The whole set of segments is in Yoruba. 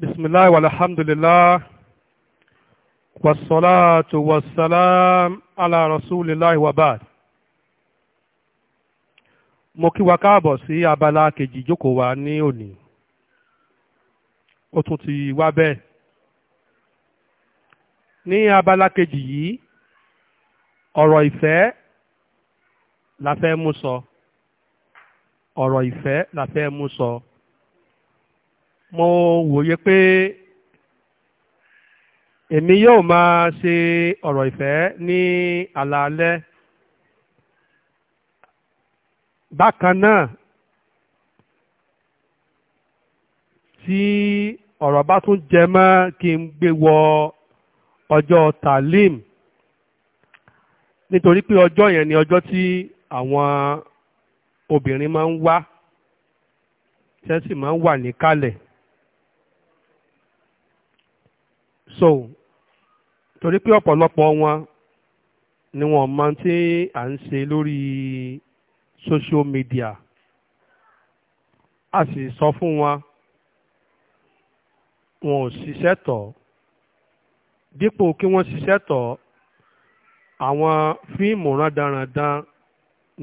بسم الله والحمد لله والصلاة والسلام على رسول الله وبعد mo kí wa káàbọ̀ sí abala kejì ìjókòó wa ní òní ó tún ti wá bẹ́ẹ̀ ní abala kejì yìí ọ̀rọ̀ ìfẹ́ la fẹ́ mú sọ ọ̀rọ̀ ìfẹ́ la fẹ́ mú sọ. So mo wòye pé èmi yóò máa ṣe ọ̀rọ̀ ìfẹ́ ní àlàálẹ́ bákan náà tí ọ̀rọ̀ bá tún jẹ mọ́ kí n gbé wọ ọjọ́ talim nítorí pé ọjọ́ yẹn ni ọjọ́ tí àwọn obìnrin máa ń wá tẹ́sí máa ń wà níkàlẹ̀. so torí pé ọ̀pọ̀lọpọ̀ wọn ni wọn mọ tí à ń ṣe lórí social media a sì sọ fún wọn wọn ò ṣiṣẹ́ tọ̀ dípò kí wọ́n ṣiṣẹ́ tọ̀ àwọn fíìmù rádaràdan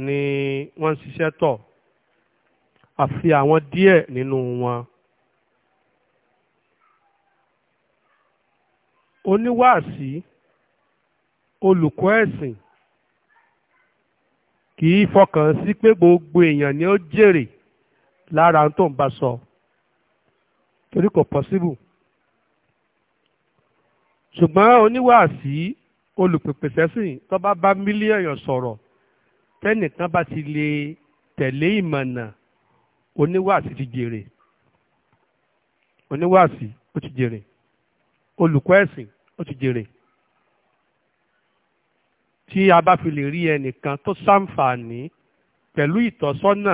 ni wọ́n ń ṣiṣẹ́ tọ̀ àfi àwọn díẹ̀ nínú wọn. oníwàásí olùkọ́ ẹ̀sìn kì í fọkàn sí pé gbogbo èèyàn ni ó jèrè lára tó ń bá sọ torí kò pọ́síbù ṣùgbọ́n oníwàásí olùpèpè sẹ́sìn tó bá bá mílíọ̀nù sọ̀rọ̀ tẹ́nìkan bá ti lè tẹ̀lé ìmọ̀nà oníwàásí ti jèrè oníwàásí ó ti jèrè olùkọ́ ẹ̀sìn ó ti jèrè tí a bá fi lè rí ẹnìkan tó ṣàǹfààní pẹ̀lú ìtọ́sọ́nà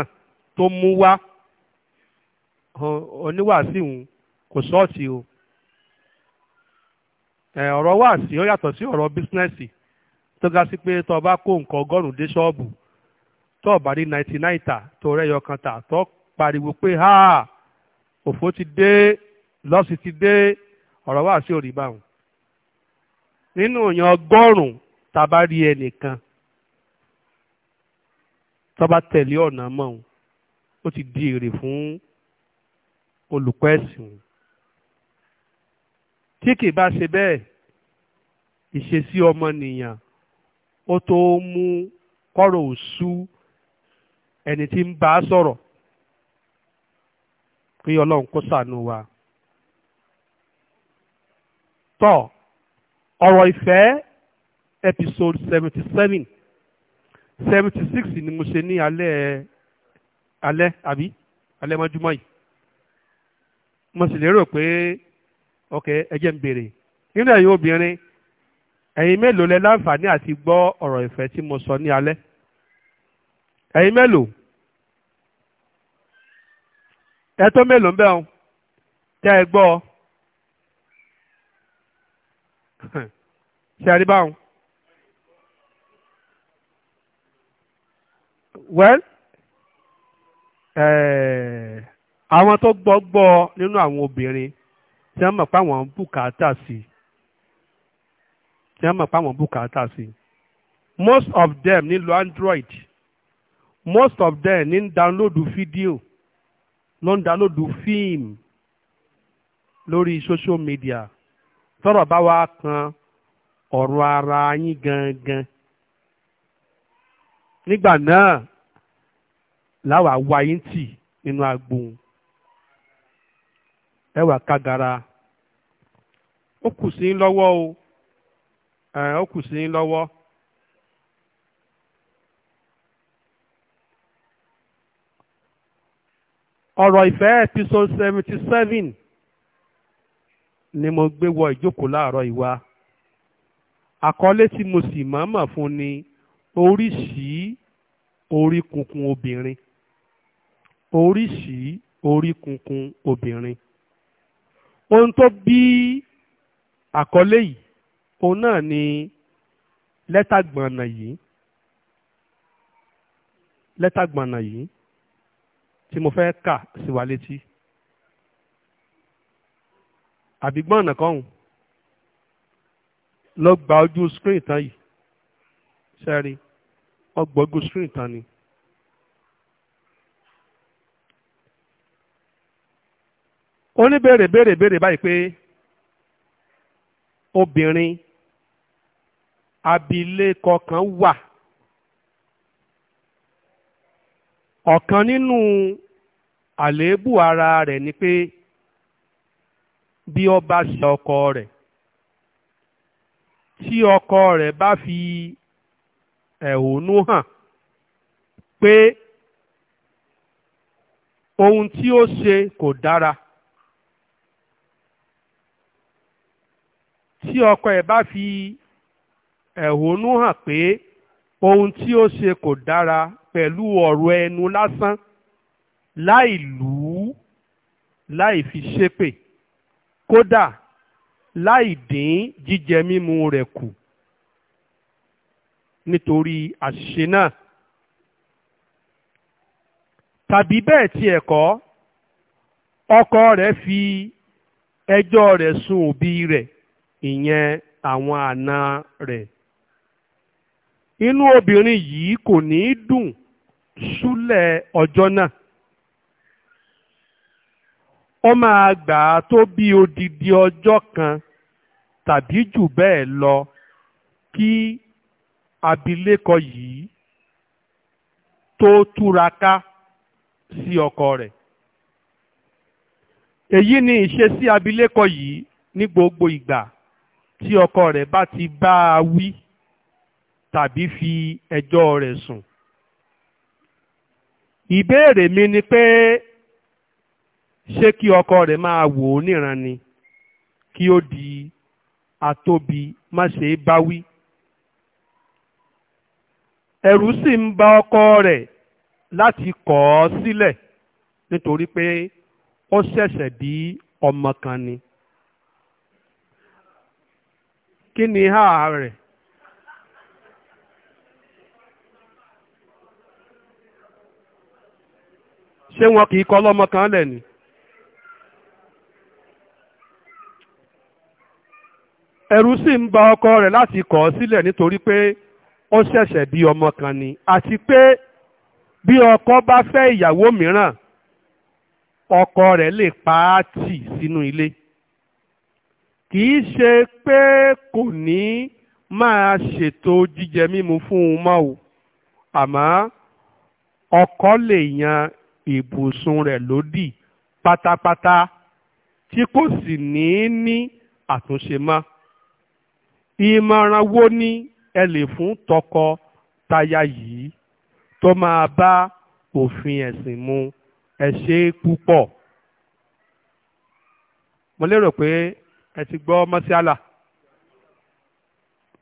tó mú wá oníwàásíhùn kò sọ́ọ̀tì o ọ̀rọ̀ wàásí ó yàtọ̀ sí ọ̀rọ̀ bísínẹ́sì tó ga sí pé tó bá kó nǹkan ọgọ́rùn-ún dé ṣọ́ọ̀bù tó bá rí náìtì náìtà tó rẹ́yọ kan tà tó pariwo pé ha òfò ti dé lọ́sì ti dé ọ̀rọ̀ wàásí ò rí nínú èèyàn ọgọ́rùn-ún tá a bá rí ẹnìkan tó bá tẹ̀lé ọ̀nà mọ́ òun ó ti di èrè fún olùkọ́ ẹ̀sìn tí kì bá ṣe bẹ́ẹ̀ ìṣesí ọmọnìyàn ó tó mú kọ́rọ̀ òṣù ẹni tí ń bá a sọ̀rọ̀ kí ọlọ́run kó ṣàánú wa tọ́ ọ̀rọ̀ ìfẹ́ episode seventy seven seventy six ni mo ṣe ní alẹ́ alẹ́ àbí alẹ́ mọ́júmọ́ yìí mo sì lérò pé ok ẹ jẹ́ ń béèrè nínú ẹ̀yin obìnrin ẹ̀yin mélòó lẹ láǹfààní àti gbọ́ ọ̀rọ̀ ìfẹ́ tí mo sọ ní alẹ́ ẹ̀yin mélòó ẹ tó mélòó ń bẹ́ẹ̀ tẹ́ ẹ gbọ́ ọ ṣe àrí báwọn. well eh, àwọn tó gbọ́gbọ́ nínú àwọn obìnrin tí wọ́n mọ̀ pé àwọn bùkátà sí tí wọ́n mọ̀ pé àwọn bùkátà sí most of them ní lo android most of them ní download fídíò ló ń download fíìmù lórí social media tọrọ bá wá kan ọ̀rọ̀ ara yín gangan nígbà náà láwàá wá yín tì nínú agbóhun ẹ wà ó kù o ó kù sí lọ́wọ́. ọ̀rọ̀ ìfẹ́ episode ni mo gbé wọ ìjókòó láàárọ̀ ìwà àkọlé tí mo sì mọ̀ọ́mọ̀ fún ni oríṣi oríkunkun obìnrin oríṣi oríkunkun obìnrin ohun tó bí àkọlé yìí òun náà ni lẹ́tà gbọ̀nà yìí lẹ́tà gbọ̀nà yìí tí mo fẹ́ kà sí wa létí. àbí gbọ́n ọ̀nà kan hùn lọ gba ojú screen tán yìí sẹ́rí wọ́n ojú screen tán ni. ó ní béèrè béèrè béèrè báyìí pé obìnrin abilékọ kan wà ọ̀kan nínú àléébù ara rẹ̀ ni pé. bí ọ bá ṣe ọkọ rẹ̀ tí ọkọ rẹ̀ bá fi ẹ̀hónú hàn pé ohun tí ó ṣe kò dára tí ọkọ bá fi pẹ̀lú ẹnu lásán láì lù ṣépè. kódà láì dín jíjẹ mímu rẹ̀ kù nítorí àṣìṣe náà tàbí bẹ́ẹ̀ tiẹ̀ kọ́ ọkọ rẹ̀ fi ẹjọ́ rẹ̀ sùn òbí rẹ̀ ìyẹn àwọn àna rẹ̀ inú obìnrin yìí kò ní í dùn súlẹ̀ ọjọ́ náà ó máa gbà á tó bí odidi ọjọ́ kan tàbí jù bẹ́ẹ̀ lọ kí abilékọ yìí tó túraká sí ọkọ rẹ̀ èyí ni ìṣesí abilékọ yìí ní gbogbo ìgbà tí ọkọ rẹ̀ bá ti bá a wí tàbí fi ẹjọ́ rẹ̀ sùn ìbéèrè mi ni pé ṣé kí ọkọ rẹ̀ máa wò ó níran ni kí ó di atóbi má ṣe é wí. ẹ̀rù sì ń ba ọkọ rẹ̀ láti kọ̀ ọ́ sílẹ̀ nítorí pé ó ṣẹ̀ṣẹ̀ bí ọmọ kan ni kí ni háà rẹ̀ ṣé wọn kì í kọ́ lọ́mọ kan lẹ̀ ni. ẹ̀rù sì ń ba ọkọ rẹ̀ láti kọ̀ ọ́ sílẹ̀ nítorí pé ó ṣẹ̀ṣẹ̀ bí ọmọ kan ni àti pé bí ọkọ bá fẹ́ ìyàwó mìíràn ọkọ rẹ̀ lè pa á tì sínú ilé kì í ṣe pé kò ní máa ṣètò jíjẹ mímu fún un mọ́ o àmọ́ ọkọ lè yan ibùsùn rẹ̀ lódì pátápátá tí kò sì ní ní àtúnṣe mọ́ ìmọ̀ràn wo ni ẹ lè fún tọkọ-taya yìí tó máa bá òfin ẹ̀sìn mu ẹ ṣe é púpọ̀. mo lérò pé ẹ ti gbọ́ mọ́sálà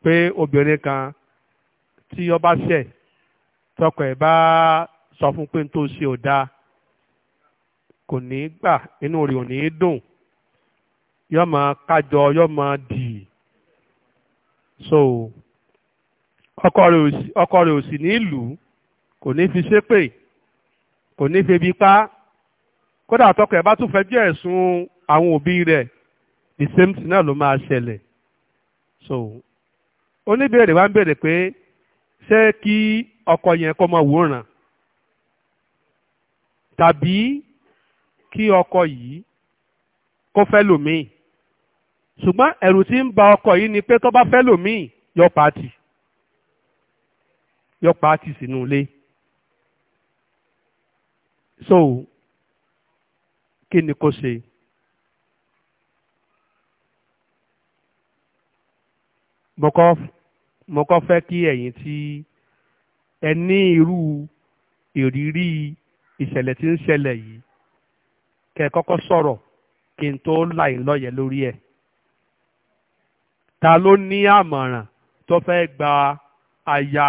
pé obìnrin kan tí ó ṣẹ̀ tọkọ ẹ̀ bá sọ fún pé n tó ṣe ò dáa kò ní gbà inú rẹ̀ ò ní dùn yọmọ kájọ yọmọ dì so ọkọ rẹ̀ ò sì ní lù ú kò ní fi ṣépè kò ní febi pa kódà tọkọ ẹ̀ bá tún fẹjọ́ ẹ̀sùn àwọn òbí rẹ̀ the same thing náà ló máa ṣẹlẹ̀ so oníbèrè wa ń bèrè pé ṣé kí ọkọ yẹn kọ́ máa wòran tàbí kí ọkọ yìí kó fẹ́ lòmíì ṣùgbọ́n ẹ̀rù tí ń ba ọkọ yìí ni pé tó bá fẹ́ lòmíì yọ pàtì yọ pàtì sínú ilé so kí ni kò ṣe. mo kọ́ fẹ́ kí ẹ̀yin tí ẹ ní irú ìrírí ìṣẹ̀lẹ̀ tí ń ṣẹlẹ̀ yìí kẹ́ ẹ kọ́kọ́ sọ̀rọ̀ kí n tó là yín lórí ẹ̀. ta ló ní àmọ̀ràn tó fẹ́ gba aya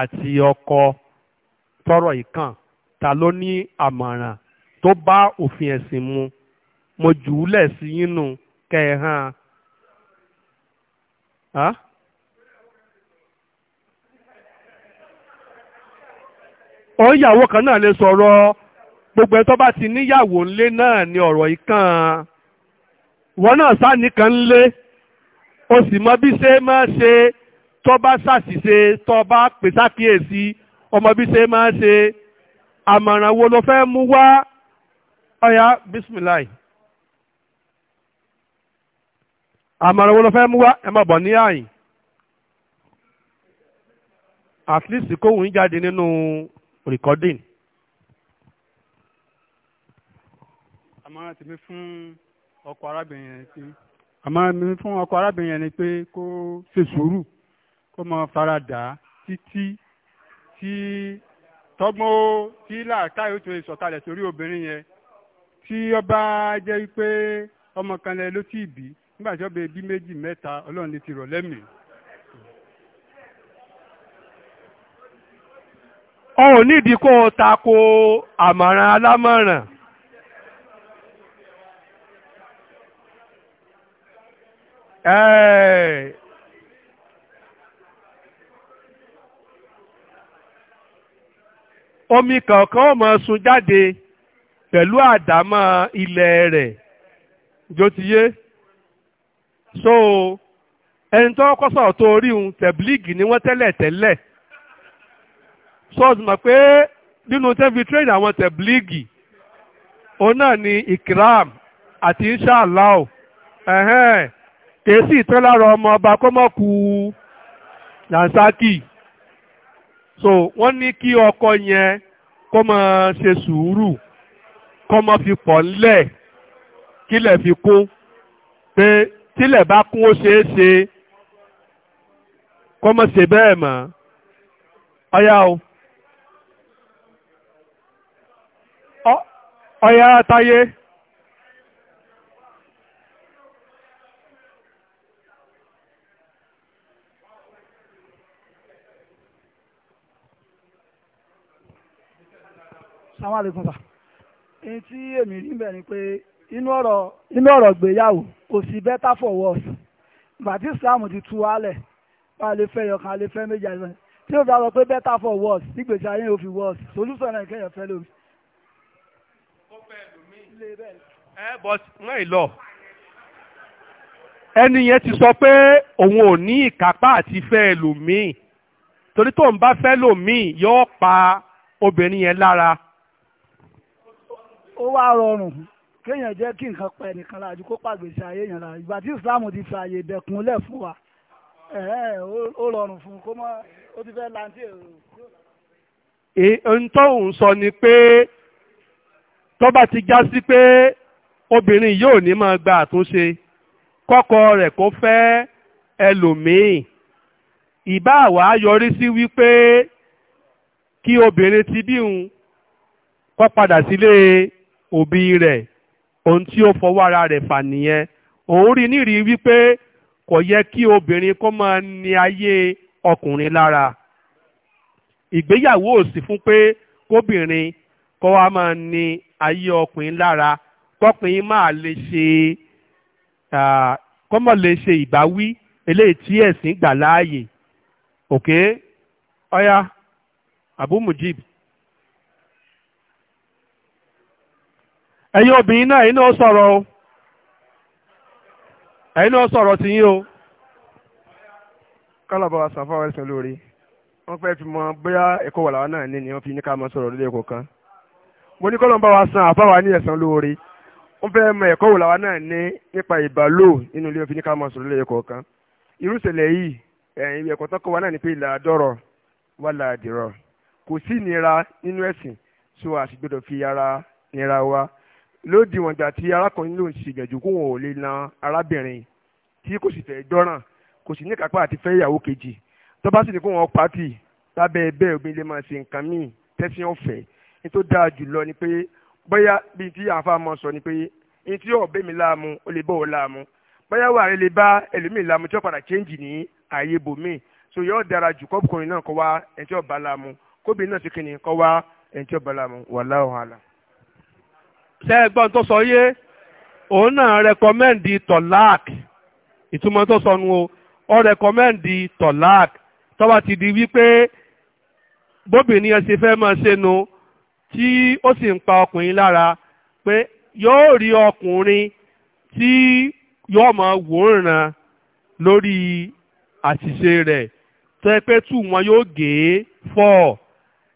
àti ọkọ tọrọ ìkàn ta ló ní àmọ̀ràn tó bá òfin ẹ̀sìn mu mo jù ú lẹ̀ sí yínú nù kẹ́ ẹ hàn án. ọ̀n ìyàwó kan náà lè sọ̀rọ̀ gbogbo ẹ̀ tó bá ti níyàwó ńlé náà ni ọ̀rọ̀ ìkàn wọn náà sá nìkan ńlé. o sì mọ bí ṣe máa ṣe tó bá ṣàṣìṣe tó bá pè sákìyèsí ọmọ bí ṣe máa ṣe àmọ̀ràn wo ló fẹ́ mú wá ọ̀yá bisimilayi àmọ̀ràn wo ló fẹ́ mú wá ẹ má bọ̀ ní àyìn at least kóhùn jáde nínú recording. àmọ̀ràn tèmi fún ọkọ arábìnrin yẹn sí àmọ́ mi fún ọkọ arábìnrin yẹn ni pé kó ṣe sùúrù kó máa fara dà á títí tí tọ́gbọ́n ó tí láàkáyé ó tó ìsọ̀kalẹ̀ sórí obìnrin yẹn tí ó bá jẹ́ pé ọmọ kan lẹ ló tí bí nígbà tí ó bẹ méjì mẹ́ta ọlọ́run lè ti rọ̀ lẹ́mìí. ọ̀hún nídìí kó ta ko àmọ̀ràn alámọ̀ràn. omi kankan ọmọ máa sun jáde pẹ̀lú àdámọ́ ilẹ̀ rẹ̀ jó so ẹni tó kọ́ sọ̀rọ̀ tó rí un tẹ̀blíìgì ni wọ́n tẹ́lẹ̀ tẹ́lẹ̀ sọ́ọ̀sì mọ̀ pé nínú tẹ́bi tírẹ́nì àwọn tẹ̀blíìgì òun náà ni ikram àti inshàlá kèésì tó lára ọmọ ọba kó mọ̀ kú làǹsákì so wọ́n ní kí ọkọ yẹn kó máa ṣe sùúrù kó máa fi pọ̀ ńlẹ̀ kílẹ̀ fi kún pé tílẹ̀ bá kún ó ṣeé ṣe kó máa ṣe bẹ́ẹ̀ mọ́ ọyá o. ọyá táyé. wa alaikum sà. ní tí èmi rí bẹ́ẹ̀ ni pé inú ọ̀rọ̀ gbéyàwó kò sí better for worse bàtí islam ti tu wálẹ̀ bá lè fẹ́ yọkan lè fẹ́ méjì àìsàn tí o bá sọ pé better for worse nígbèsè ayé yóò fi worse solution náà kẹ́yọ̀ fẹ́ lómi. ó fẹ́ lómi ẹ bọ́ wọ́n ì lọ ẹni yẹn ti sọ pé òun ò ní ìkápá àti fẹ́ ẹlòmíì torí tóun bá fẹ́ lòmíì yóò pa obìnrin yẹn lára ó wá rọrùn kéèyàn jẹ́ kí nǹkan pa ẹnìkan láàjú kó pàgbèsè ayé yẹn láàjú ìgbà tí ìsìláàmù ti fi àyè ìdẹ̀kùn lẹ̀ fún wa ó rọrùn fún un kó mọ́ ó ti fẹ́ lantí èrò. ntọ́ òun sọ ni pé tó bá ti já sí pé obìnrin yóò ní máa gba àtúnṣe kọ́kọ rẹ̀ kó fẹ́ ẹlòmíì ìbá àwa yọrí sí wípé kí obìnrin ti bí òun kó padà sílé òbí rẹ̀ ohun tí ó fọwọ́ ara rẹ̀ fà nìyẹn òun rí nírì wípé kò yẹ kí obìnrin kó máa ní ayé ọkùnrin lára ìgbéyàwó òsì fún pé kóbìnrin kó wá máa ní ayé ọkùnrin lára kọkùnrin máa lè ṣe kọ́mọ̀ lè ṣe ìbáwí eléyìí tí ẹ̀sìn gbà láàyè òkè ẹ̀yin obìnrin náà ẹ̀yin náà sọ̀rọ̀ o ẹ̀yin náà sọ̀rọ̀ ti yín o kálọ̀bọ̀ àṣàfà ẹ̀sìn lórí wọ́n fẹ́ fi mọ bóyá ẹ̀kọ́ wà láwọn náà ní ni wọ́n fi ní ká máa sọ̀rọ̀ lórí ẹ̀kọ́ kan mo ní kọ́lọ́ ń bá wa san àbá wa ní ẹ̀san lórí wọ́n fẹ́ mọ ẹ̀kọ́ wò láwọn náà ní nípa ìbálò nínú ilé wọn fi ní ká máa sọ̀rọ̀ lórí ẹ̀kọ́ kan irúṣẹ̀lẹ̀ yìí ẹ̀yìn ẹ̀kọ́ tó kọ́ wa náà ní pé ìlà wà láàdìrọ̀ kò sí ìnira nínú ẹ̀sìn so àṣìgbọ́dọ̀ fi ara nira wa lódì wọn gbà tí arákùnrin ló ń ṣègbẹ̀jù kó wọn ò lè na arábìnrin tí kò sì fẹ́ dọ́ràn kò sì ní kápá àti fẹ́ ìyàwó kejì tó bá sì ní kó wọn pàtì lábẹ́ bẹ́ẹ̀ obìnrin lè máa ṣe nǹkan míì tẹ́sí ọ̀fẹ́ ní tó dáa jù lọ ni pé bóyá bíi tí àáfàá mọ̀ sọ ni pé ní tí ọ̀bẹ mi láàmú ó lè bọ̀ ọ́ láàmú bóyá wàá rí lè bá ẹlòmíì láàmú tí ó padà chẹ́ǹjì ní ààyè bòmíì so yóò dára jù kọ́bùkùnrin náà kọ́ wá ẹ̀ńtí ọ̀bá láàmú kóbìnrin náà sì kìnnìkan wá ẹ̀ńtí ọ̀bá láàmú wallahu alam. ṣẹ́gbọ́n tó sọ yé òun náà rẹkọmẹ́ǹdì tọ̀láàk ìtumọ̀ tó sọ nu o ọ rẹkọmẹ́ǹdì tọ̀láàk tó bá ti di wípé bóbìnrin ẹ ṣe fẹ́ máa ṣe nu tí ó sì ń pa ọkùnrin lára pé yóò rí ọkùnrin tí yóò máa wò ó lórí àṣìṣe rẹ̀ tó ẹ pé tù wọn yóò gé fọ́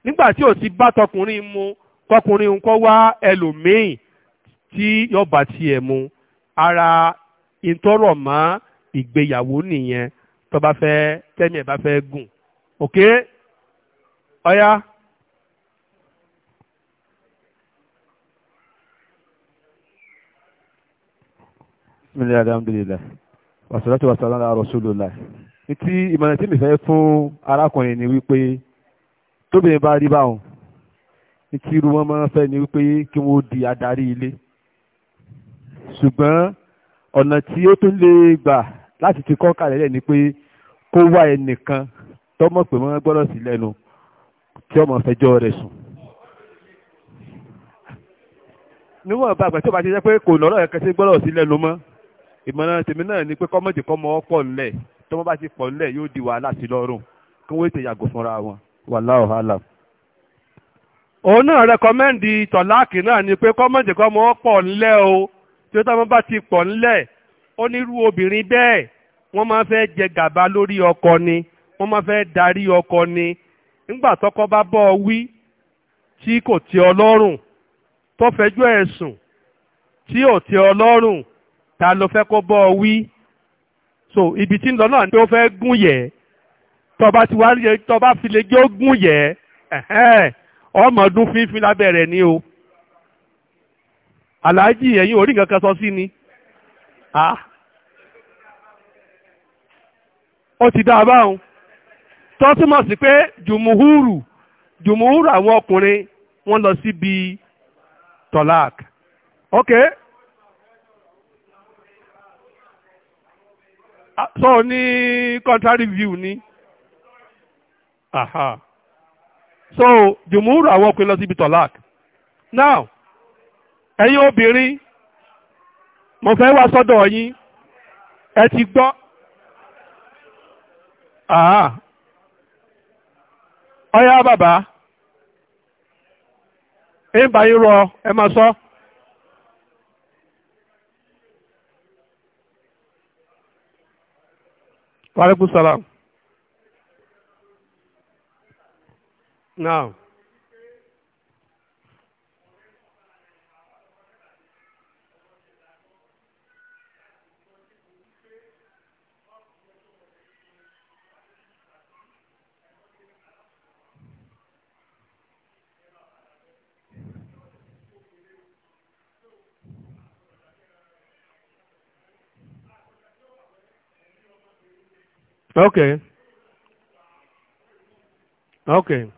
nígbà tí ò ti bá tọkùnrin mu kọkùnrin nǹkan wá ẹlòmíì tí yọba tiẹ̀ mu ara ìtọ́rọ̀ mọ́ ìgbéyàwó nìyẹn tó bá fẹ́ tẹ́mi ẹ̀ bá fẹ́ gùn ok ọ̀ya. bisimilayi alhamdulilayi wasalatu wasalamu ala rasulillah ní ti ìmọ̀ràn tí mi fẹ́ fún arákùnrin ni wípé tóbi bá rí báwọn ní kí irú wọn máa fẹ́ ni wípé kí wọ́n di adarí ilé ṣùgbọ́n ọ̀nà tí ó tún lè gbà láti ti kọ́ kalẹ̀ lẹ̀ ni pé kó wá ẹnìkan tọ́mọ̀ pé wọ́n gbọ́dọ̀ sí lẹ́nu tí ọmọ fẹjọ́ rẹ̀ sùn. níwọ̀n bá àgbà tí ó bá ti jẹ́ pé kò lọ́rọ̀ ẹ̀kẹ́ sí gbọ́dọ̀ sí lẹ́nu mọ́ ìmọ̀ràn tèmi náà ni pé kọ́mọ̀dé kọ́mọ pọ̀ ńlẹ̀ tọ́mọ bá ti pọ̀ ńlẹ̀ yóò di wàhálà sí lọ́rùn kí wọ́n ètè yàgò fúnra wọn wàhálà ọ̀hálà. òun náà rẹkọmẹ́ndì tọ̀láàkì náà ni pé kọ́mọ̀jẹ̀ kọ́ mọ́ pọ̀ ńlẹ̀ o tí ó tọ́mọ bá ti pọ̀ ńlẹ̀ ó nírú obìnrin bẹ́ẹ̀ wọ́n máa fẹ́ jẹ gàba lórí ọkọ ni wọ́n máa fẹ́ darí ọkọ ni nígbà tọkọ bá bọ́ ọ kò ọ tó fẹjọ́ ẹ̀ sùn tí ọ ta ló fẹ́ kó so ibi tí ń lọ náà ni ó fẹ́ gún tọba ti wá tọba fi lè jẹ́ ó gún ọmọ ọdún fínfín lábẹ́ rẹ̀ ni o aláàjì ẹ̀yìn orí nǹkan sọ sí ni ó ti dá a báwọn tó túmọ̀ sí pé jùmùhúrù jùmùhúrù àwọn ọkùnrin wọ́n lọ síbi tọ́lák ok so ní contrary view ni aha. Uh -huh. so jùmúrù àwọn ọkùnrin lọ síbi tọ́lák now ẹ̀yin obìnrin mo fẹ́ wá sọ́dọ̀ yín ẹ ti gbọ́ ọyá bàbá ẹ bá yín rọ ẹ máa sọ. Wa alaikum salaam. No. Okay. Okay.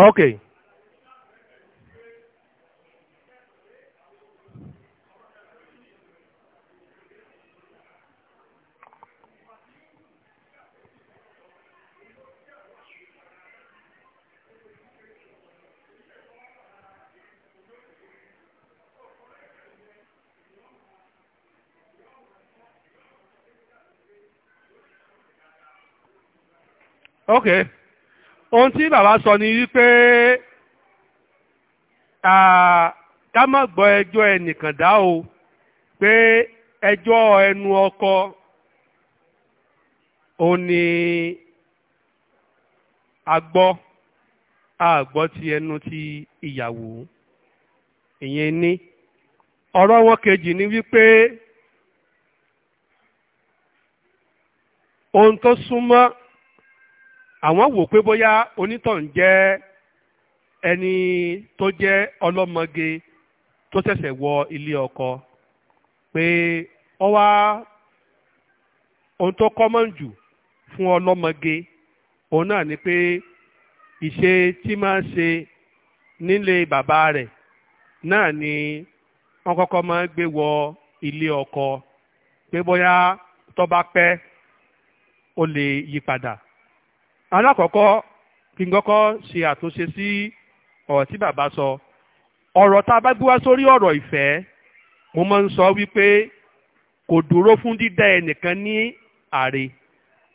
Okay. Okay. ohun tí bàbá sọ ni wípé ká má gbọ́ ẹjọ́ ẹnìkan dá o pé ẹjọ́ ẹnu ọkọ òun ni a agbọ́ ti ẹnu ti ìyàwó ìyẹn ni ọ̀rọ̀ wọn kejì ni wípé ohun tó súnmọ́ àwọn wò pé bóyá onítàn jẹ́ ẹni tó jẹ́ ọlọ́mọge tó ṣẹ̀ṣẹ̀ wọ ilé ọkọ pé ó wá ohun tó kọ́mọ̀ jù fún ọlọ́mọge òun náà ni pé ìṣe tí máa ń ṣe nílé bàbá rẹ̀ náà ni wọ́n kọ́kọ́ máa ń gbé wọ ilé ọkọ pé bóyá tó bá pẹ́ ó lè yí padà alákọ̀ọ́kọ́ kí n kọ́kọ́ ṣe àtúnṣe sí ọ̀rọ̀ tí bàbá sọ ọ̀rọ̀ tá a bá gbé wá sórí ọ̀rọ̀ ìfẹ́ mo máa ń sọ wípé kò dúró fún dídá ẹnìkan ní àrè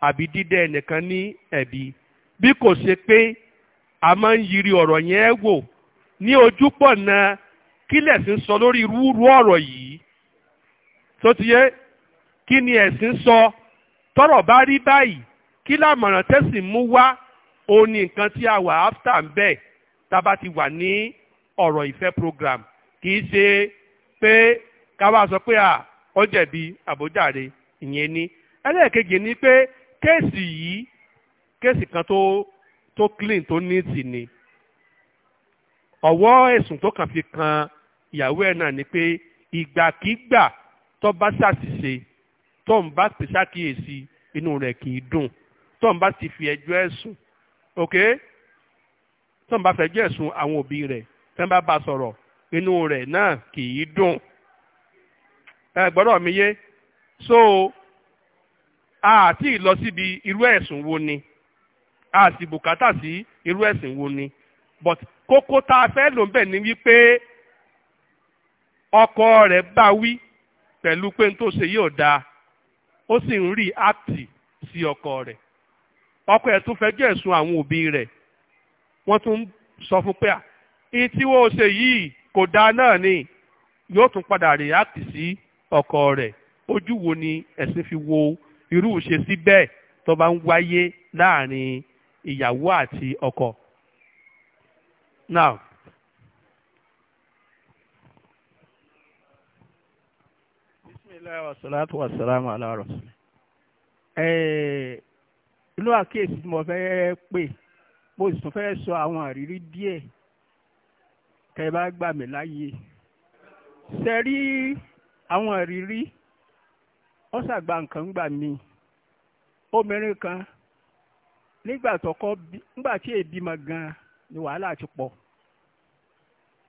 àbí dídá ẹnìkan ní ẹ̀bi bí kò ṣe pé a máa ń yiri ọ̀rọ̀ yẹn wò ní ojúpọ̀ náà kí lẹ̀sìn sọ lórí irúurú ọ̀rọ̀ yìí tó ti yé kí ni ẹ̀sìn sọ tọ́rọ̀ bá rí báyìí kí lámọ̀ràn tẹ́sì mú wá ó ní nǹkan tí a wà after ń bẹ̀ tá a bá ti wà ní ọ̀rọ̀ ìfẹ́ program kì í ṣe pé ká wá sọ pé à jẹ̀bi àbójáre ìyẹn ni ẹlẹ́ẹ̀kejì ni pé kéèsì yìí kéèsì kan tó tó clean tó neat ni ọ̀wọ́ ẹ̀sùn tó kàn fi kan ìyàwó ẹ̀ náà ni pé ìgbàkígbà tó bá ṣàṣìṣe tó ń bá pèsè àkíyèsí inú rẹ̀ kì í dùn tóun bá ti fi ẹjọ́ ẹ̀sùn ok tóun bá fẹjọ́ ẹ̀sùn àwọn òbí rẹ̀ tẹ́n bá bá sọ̀rọ̀ inú rẹ̀ náà kì í dùn ẹ gbọ́dọ̀ mi yé so àti lọ síbi irú ẹ̀sùn wo ni àti bùkátà sí irú ẹ̀sùn wo ni but kókó tá a fẹ́ lò ń bẹ̀ ni wípé ọkọ rẹ̀ bá wí pẹ̀lú pé n tó ṣe yóò dáa ó sì ń rí àpì sí ọkọ rẹ̀ ọkọ ẹ̀ tún fẹjọ́ ẹ̀sùn àwọn òbí rẹ̀ wọ́n tún sọ fún pé à tí wọ́n ṣe yìí kò dá náà ni yóò tún padà react sí ọkọ rẹ̀ ojú wo ni ẹ̀sìn fi wo irú sí bẹ́ẹ̀ tó bá ń wáyé láàrin ìyàwó àti ọkọ. now inú àkíyèsí tí mo fẹ́ pè mo sì tún fẹ́ sọ àwọn àrírí díẹ̀ tẹ́ bá gbà mí láàyè ṣe rí àwọn àrírí ó ṣàgbà nǹkan gbà mí obìnrin kan nígbà tọkọ nígbà tí èbímọ gan ni wàhálà ti pọ̀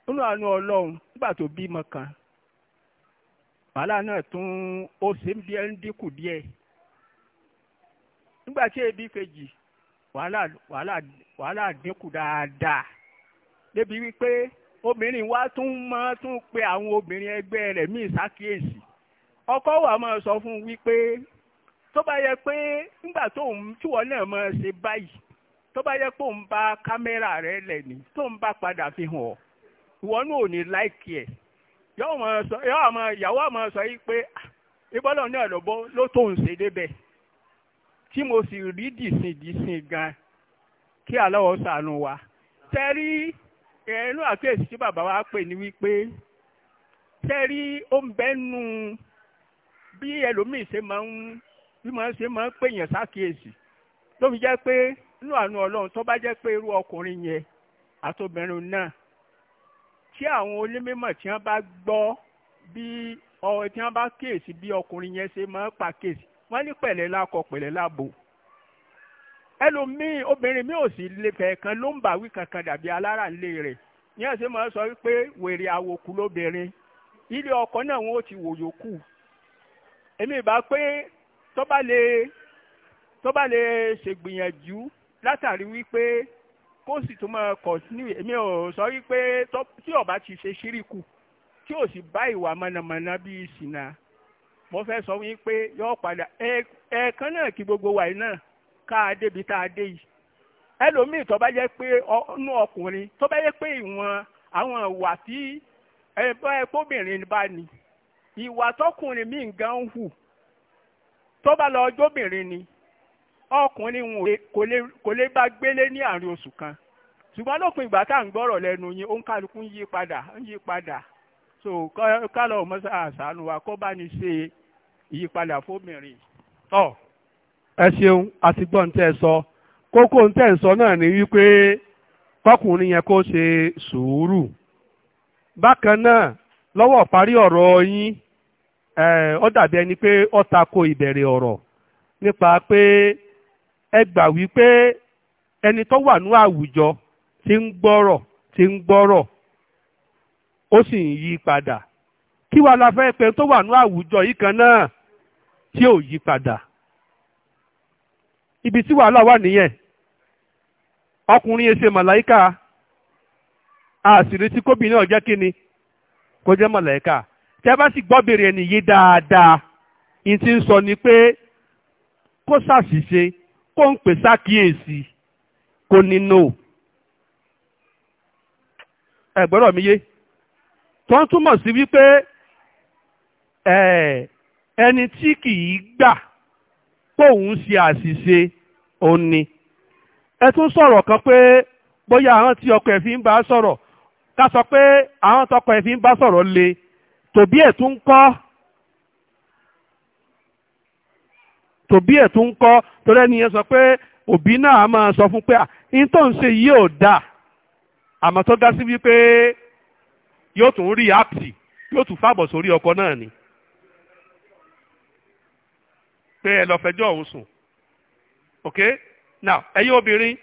nínú àánú ọlọ́run nígbà tó bímọ kan wàhálà náà tún ó ṣe ń dínkù díẹ̀ nígbà tí ebi kejì wàhálà wàhálà wàhálà dínkù dáadáa débi wípé obìnrin wa tún máa tún pe àwọn obìnrin ẹgbẹ́ rẹ̀ míì ṣàkíyèsí ọkọ wa máa sọ fún wípé tó bá yẹ pé nígbà tó ń náà máa ṣe báyìí tó bá yẹ pé òun bá kámẹ́rà rẹ lẹ̀ ní bá padà fi hàn ò ní ẹ̀ yọ àwọn sọ yìí pé ah, ìbọ́lọ̀ náà lọ́bọ́ ló débẹ̀ tí mo sì rí dìsìndìsìn gan kí aláwọ̀ sànù wa tẹ́rí ẹnu àkíyèsí tí bàbá wa pè ní wípé tẹ́rí ó ń bẹ́nu bí ẹlòmíì ṣe máa ń bí máa ń ṣe máa ń pèèyàn sákìyèsí ló fi jẹ́ pé inú àánú ọlọ́run tó bá jẹ́ pé irú ọkùnrin yẹn àtobìnrin náà tí àwọn onímọ̀ tí wọ́n bá gbọ́ bí ọ tí wọ́n bá kíyèsí bí ọkùnrin yẹn ṣe máa ń pàkíyèsí wọ́n ní pẹ̀lẹ́ lakọ pẹ̀lẹ́ labo ẹlòmíì obìnrin mi ò sì lè fẹ́ kan ló ń bàwí kankan dàbí alára ńlẹ̀ rẹ̀ ní ẹ̀sìn máa sọ wípé wèrè àwòkù lóbìnrin ilé ọkọ náà wọn ò ti wò yòókù èmi ìbá pé tó bá lè tó lè ṣègbìyànjú látàrí wípé kó sì tún máa continue èmi ò sọ wípé tí ó bá ti ṣe ṣíríkù tí ò sì bá ìwà mọ̀nàmọ́ná bíi ìsìnà mo fẹ́ sọ wí pé yọ padà ẹẹkan náà kí gbogbo wà náà ká a débi tá a dé yìí ẹlòmíì tó bá jẹ́ pé ọnú ọkùnrin tó bá jẹ́ pé ìwọ̀n àwọn ìwà tí ẹ̀bá ẹ̀kọ́bìnrin bá ní ìwà tọkùnrin míì gan ń hù tó bá lọ ọjọ́bìnrin ni ọkùnrin kò lè bá gbélé ní àárín oṣù kan ṣùgbọ́n lópin ìgbà tá à ń gbọ́rọ̀ lẹ́nu yín ó ń kálukú yí padà ń yí padà so kálọ̀ mọ́sá àṣàánú wa kó bá ní ṣe ìyípadà fóbìnrin. tọ́ ẹ ṣeun àti gbọ́n tẹ́ sọ kókó ń tẹ́ sọ náà ni wípé kọkùnrin yẹn kó ṣe sùúrù bákan náà lọ́wọ́ parí ọ̀rọ̀ yín ọ dàbí ẹni pé ó tako ìbẹ̀rẹ̀ ọ̀rọ̀ nípa pé ẹ gbà wípé ẹni tó wà ní àwùjọ ti ń gbọ́rọ̀ ti ń gbọ́rọ̀ ó sì ń yí padà kí wàá la fẹ́ pé tó wà ní àwùjọ yìí kan náà tí ò yí padà ibi tí wàhálà wà nìyẹn ọkùnrin ẹsẹ màláìka àṣírí tí kóbìnrin náà jẹ́ kí ni kó jẹ́ màláìka tí bá sì gbọ́ ẹni yé dáadáa n ti ń sọ ni pé kó ṣàṣìṣe kó ń pè ṣàkíyèsí kó ní no ẹ mi yé. tó ń túmọ̀ sí wípé ẹni tí kì gbà póun ṣe àṣìṣe òun ni ẹ tún sọ̀rọ̀ kan pé bóyá àwọn tí ọkọ ẹ̀ fi ń bá sọ̀rọ̀ ká sọ pé àwọn tọkọ ẹ̀ fi ń bá sọ̀rọ̀ le tòbí ẹ̀ tún kọ́ tòbí ẹ̀ tún kọ́ torí ẹni yẹn sọ pé òbí náà máa sọ fún pé à ń tó ń ṣe yìí ò dáa àmọ́ tó dá sí wípé. yóò tún rí áàpì yóò tún fàbọ̀ sórí ọkọ náà ni pé ẹ lọ fẹjọ́ òun sùn ok now ẹ̀yin obìnrin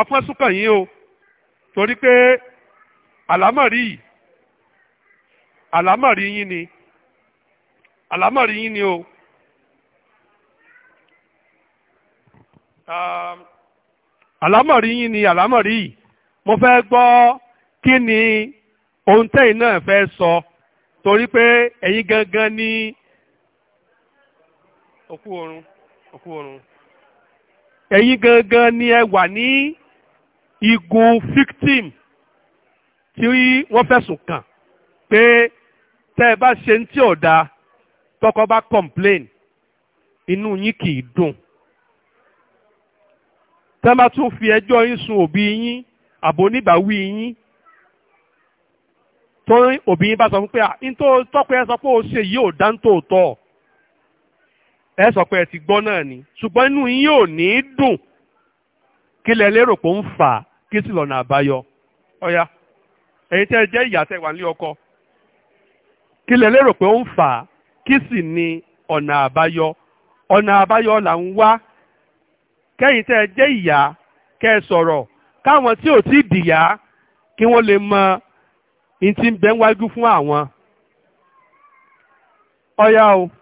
ọpọ́n súnkàn yín o torí pé àlámọ̀rí yìí àlámọ̀rí yín ni àlámọ̀rí yín ni o. Um, àlámọ̀rí yín ni àlámọ̀rí yìí mo fẹ́ gbọ́ kí ni ohun tẹ́yìn náà fẹ́ sọ torí pé ẹ̀yin gangan ní òkú oorun òkú oorun ẹ̀yin gangan ni ẹ wà ní igun victim tí wọ́n fẹ̀sùn kàn pé tẹ́ ẹ bá ṣe ní tí ò dáa tọkọ bá complain inú yín kì í dùn tẹ́ bá tún fi ẹjọ́ yín sun òbí yín àbò oníbàáwí yín tó òbí yín bá sọ fún pé à ń tọ́pẹ́ ẹ sọ pé ó ṣe yìí ò dá ń tòótọ́ ẹ sọ pé ẹ ti gbọ́ náà ni ṣùgbọ́n inú yìí ò ní dùn kí lẹ lérò pé ń fà á kí sì lọ́nà àbáyọ ọ̀ya ẹ̀yin tẹ́ ẹ jẹ́ ìyá tẹ́ wà ní ọkọ kí lẹ lérò pé ó ń fà á kí sì ni ọ̀nà àbáyọ ọ̀nà àbáyọ là ń wá kẹ́yìn tẹ́ ẹ jẹ́ ìyá kẹ́ ẹ sọ̀rọ̀ káwọn tí ò tí ì dìyà kí wọ́n lè mọ ní ti ń bẹ ń wájú fún àwọn ọyá o.